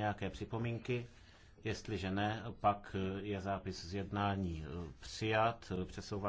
nějaké připomínky? Jestliže ne, pak je zápis z jednání přijat. Přesouvá